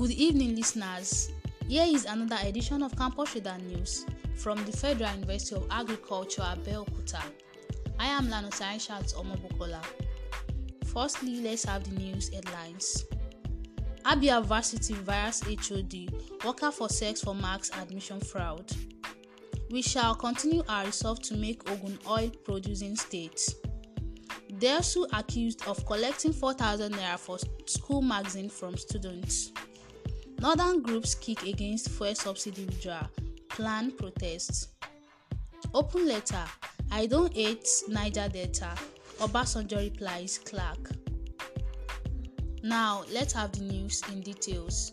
Good evening, listeners. Here is another edition of Campus Reader News from the Federal University of Agriculture, Abeokuta. I am Lano Aishat Omobokola. Firstly, let's have the news headlines. Abia Varsity Virus HOD, worker for sex for marks admission fraud. We shall continue our resolve to make Ogun oil producing state. Delsu accused of collecting 4,000 naira for school magazine from students. Northern groups kick against fuel subsidy withdrawal, plan protests. Open letter I don't hate Niger Delta, Obasanjo replies Clark. Now, let's have the news in details.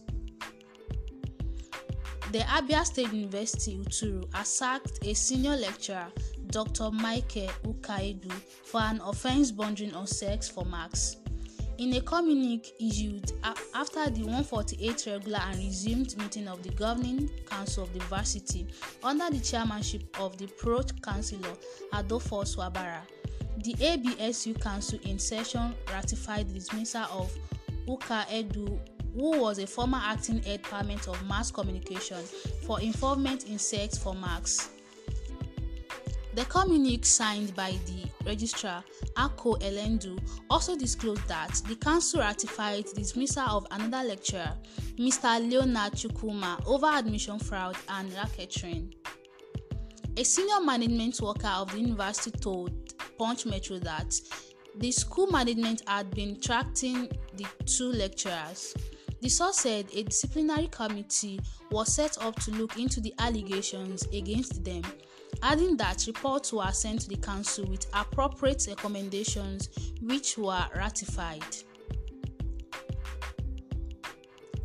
The Abia State University Uturu has sacked a senior lecturer, Dr. Michael Ukaidu, for an offense bordering on sex for marks. In a communique issued after the 148 regular and resumed meeting of the Governing Council of the Varsity under the chairmanship of the Pro Councillor Adolfo Swabara, the ABSU Council in session ratified the dismissal of Uka Edu, who was a former acting head department of mass communication, for involvement in sex for marks. The communique signed by the registrar Akko Elendu also disclosed that the council ratified the dismissal of another lecturer, Mr. Leonard Chukuma, over admission fraud and racketeering. A senior management worker of the university told Punch Metro that the school management had been tracking the two lecturers. The source said a disciplinary committee was set up to look into the allegations against them adding that reports were sent to the Council with appropriate recommendations which were ratified.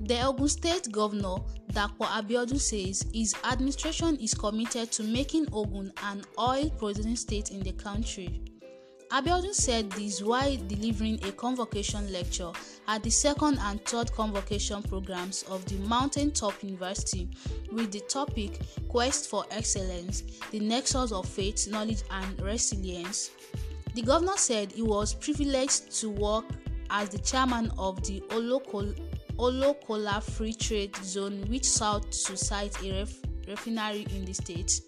The Ogun State Governor Dr. Abiodun says his administration is committed to making Ogun an oil producing state in the country. Abiodun said this while delivering a convocation lecture at the second and third convocation programs of the Mountaintop University with the topic Quest for Excellence The Nexus of Faith, Knowledge and Resilience. The governor said he was privileged to work as the chairman of the Olokola Free Trade Zone, which sought to site a ref- refinery in the state.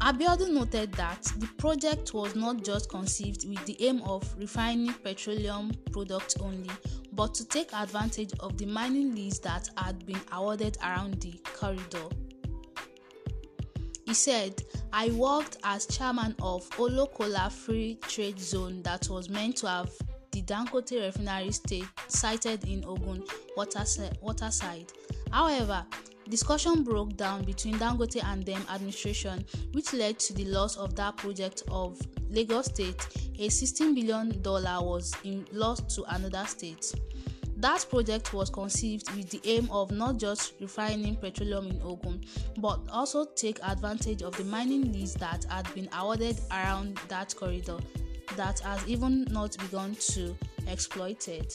Abiodun noted that the project was not just conceived with the aim of refining petroleum products only, but to take advantage of the mining leases that had been awarded around the corridor. He said, I worked as chairman of Olokola Free Trade Zone that was meant to have the Dangote refinery state sited in Ogun waterside. However, Discussion broke down between Dangote and them administration, which led to the loss of that project of Lagos State. A $16 billion was in to another state. That project was conceived with the aim of not just refining petroleum in Ogun, but also take advantage of the mining lease that had been awarded around that corridor that has even not begun to exploit it.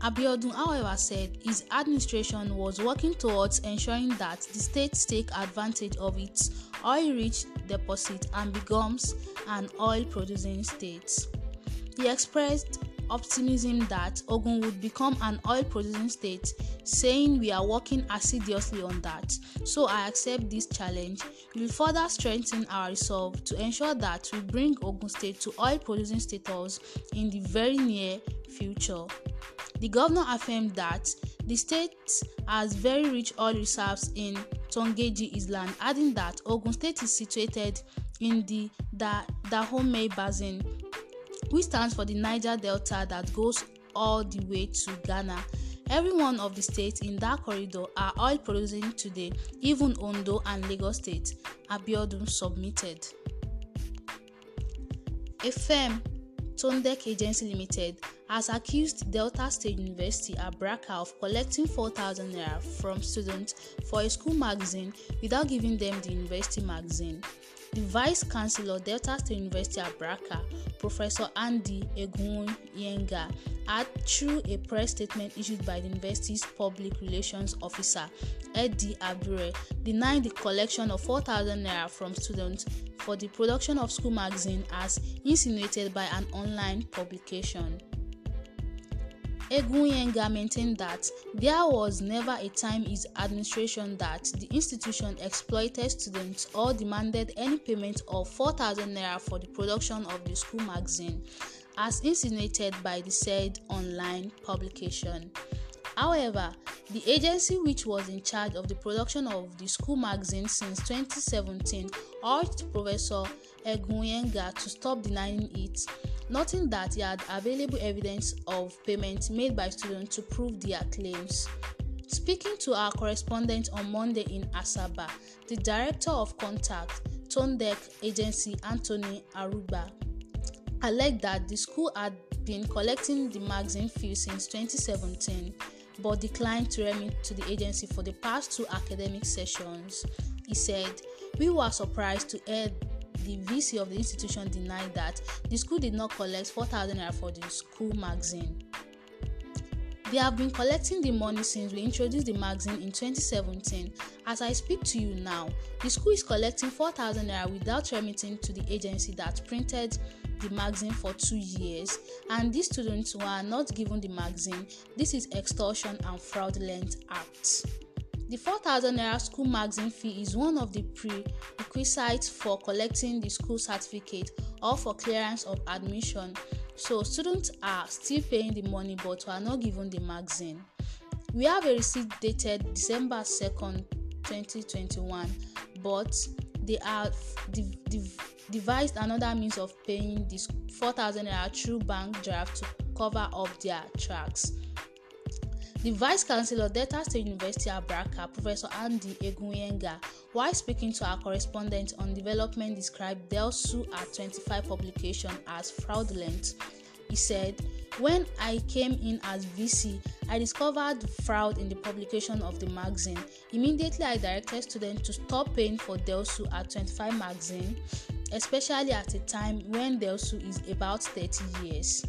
Abiodun, however, said his administration was working towards ensuring that the state take advantage of its oil rich deposit and becomes an oil producing state. He expressed optimism that Ogun would become an oil producing state, saying, We are working assiduously on that, so I accept this challenge. We will further strengthen our resolve to ensure that we bring Ogun State to oil producing status in the very near future. The governor affirmed that the state has very rich oil reserves in Tongeji Island, adding that Ogun State is situated in the da- Dahomey Basin, which stands for the Niger Delta that goes all the way to Ghana. Every one of the states in that corridor are oil producing today, even Ondo and Lagos State. Abiodun submitted. A firm, Tondek Agency Limited, has accused Delta State University Abraka of collecting 4,000 naira from students for a school magazine without giving them the university magazine. The Vice Chancellor Delta State University Abraka, Professor Andy Egun Yenga, had through a press statement issued by the university's public relations officer, Eddie Abure, denied the collection of 4,000 naira from students for the production of school magazine as insinuated by an online publication. Eguyenga maintained that there was never a time in his administration that the institution exploited students or demanded any payment of 4,000 naira for the production of the school magazine, as insinuated by the said online publication. However, the agency which was in charge of the production of the school magazine since 2017 urged Professor Eguyenga to stop denying it noting that he had available evidence of payments made by students to prove their claims. Speaking to our correspondent on Monday in Asaba, the director of Contact, Tondek Agency Anthony Aruba, alleged that the school had been collecting the magazine fee since 2017 but declined to remit to the agency for the past two academic sessions. He said, We were surprised to hear the VC of the institution denied that the school did not collect 4,000 naira for the school magazine. They have been collecting the money since we introduced the magazine in 2017. As I speak to you now, the school is collecting 4,000 naira without remitting to the agency that printed the magazine for two years, and these students were not given the magazine. This is extortion and fraudulent acts. The 4000 naira school magazine fee is one of the prerequisites for collecting the school certificate or for clearance of admission. So students are still paying the money but are not given the magazine. We have a receipt dated December 2nd, 2021, but they have div- div- devised another means of paying this 4000 naira through bank draft to cover up their tracks. The Vice Chancellor of Delta State University Abraka, Professor Andy Egunyenga, while speaking to our correspondent on development, described DELSU at 25 publication as fraudulent. He said, When I came in as VC, I discovered fraud in the publication of the magazine. Immediately, I directed students to stop paying for DELSU at 25 magazine, especially at a time when DELSU is about 30 years.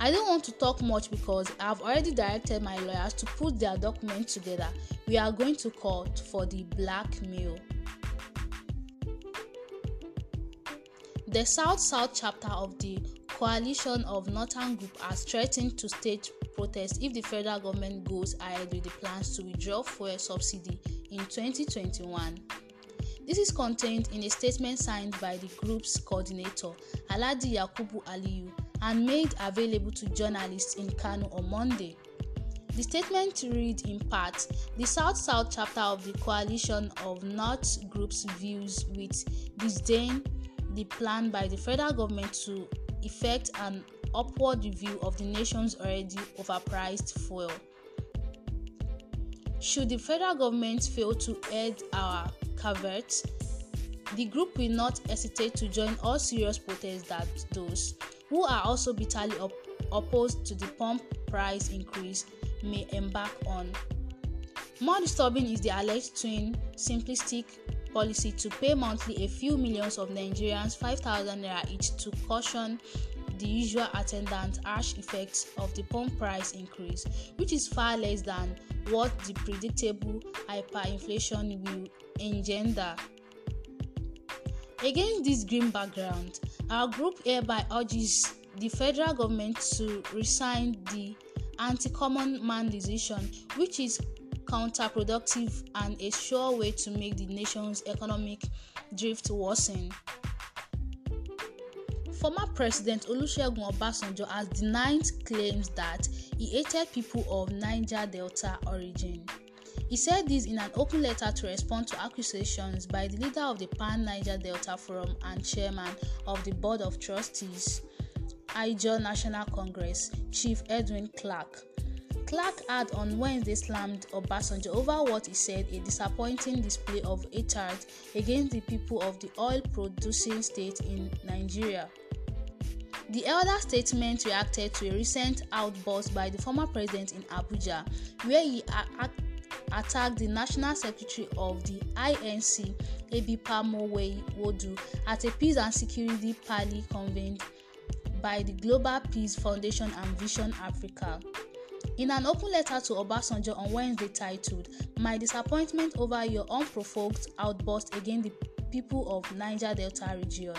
I don't want to talk much because I've already directed my lawyers to put their document together. We are going to court for the blackmail. The South South chapter of the coalition of Northern Group has threatened to stage protests if the federal government goes ahead with the plans to withdraw fuel subsidy in 2021. This is contained in a statement signed by the group's coordinator, Aladi Yakubu Aliyu, and made available to journalists in Kano on Monday. The statement read in part The South South chapter of the coalition of North groups views with disdain the plan by the federal government to effect an upward review of the nation's already overpriced fuel. Should the federal government fail to aid our caveats, the group will not hesitate to join all serious protests that those who are also bitterly op- opposed to the pump price increase, may embark on. More disturbing is the alleged twin simplistic policy to pay monthly a few millions of Nigerians 5,000 naira each to caution the usual attendant harsh effects of the pump price increase, which is far less than what the predictable hyperinflation will engender. Against this grim background, our group hereby urges the federal government to rescind the anti common man decision, which is counterproductive and a sure way to make the nation's economic drift worsen. Former President Olusegun Obasanjo has denied claims that he hated people of Niger Delta origin. He said this in an open letter to respond to accusations by the leader of the Pan Niger Delta Forum and chairman of the Board of Trustees, IJO National Congress, Chief Edwin Clark. Clark had on Wednesday slammed Obasanjo over what he said a disappointing display of hatred against the people of the oil producing state in Nigeria. The elder statement reacted to a recent outburst by the former president in Abuja, where he, act- attacked the national secretary of the inc Pamowei wodu at a peace and security party convened by the global peace foundation and vision africa in an open letter to obasanjo on wednesday titled my disappointment over your unprovoked outburst against the people of Niger Delta region.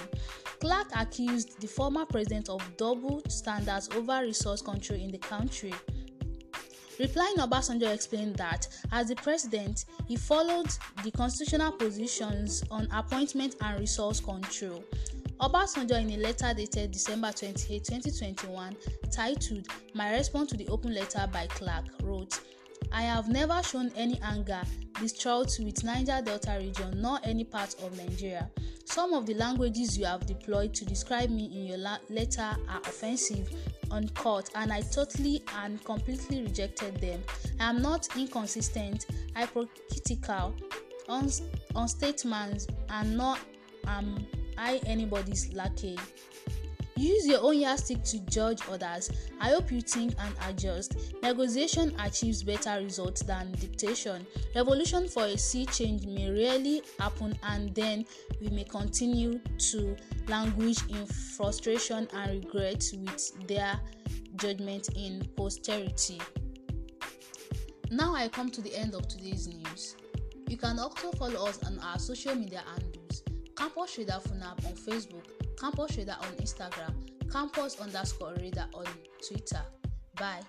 Clark accused the former president of double standards over resource control in the country. Replying, Obasanjo explained that as the president, he followed the constitutional positions on appointment and resource control. Obasanjo, in a letter dated December 28, 2021, titled My Response to the Open Letter by Clark, wrote, I have never shown any anger, distrust with Niger Delta region nor any part of Nigeria. Some of the languages you have deployed to describe me in your la- letter are offensive On court, and I totally and completely rejected them. I am not inconsistent, hypocritical, on, on statements and nor am I anybody's lackey. Use your own yardstick to judge others. I hope you think and adjust. Negotiation achieves better results than dictation. Revolution for a sea change may rarely happen, and then we may continue to languish in frustration and regret with their judgment in posterity. Now I come to the end of today's news. You can also follow us on our social media handles Campus Trader Funab on Facebook Campus reader on Instagram, campus underscore reader on Twitter. Bye.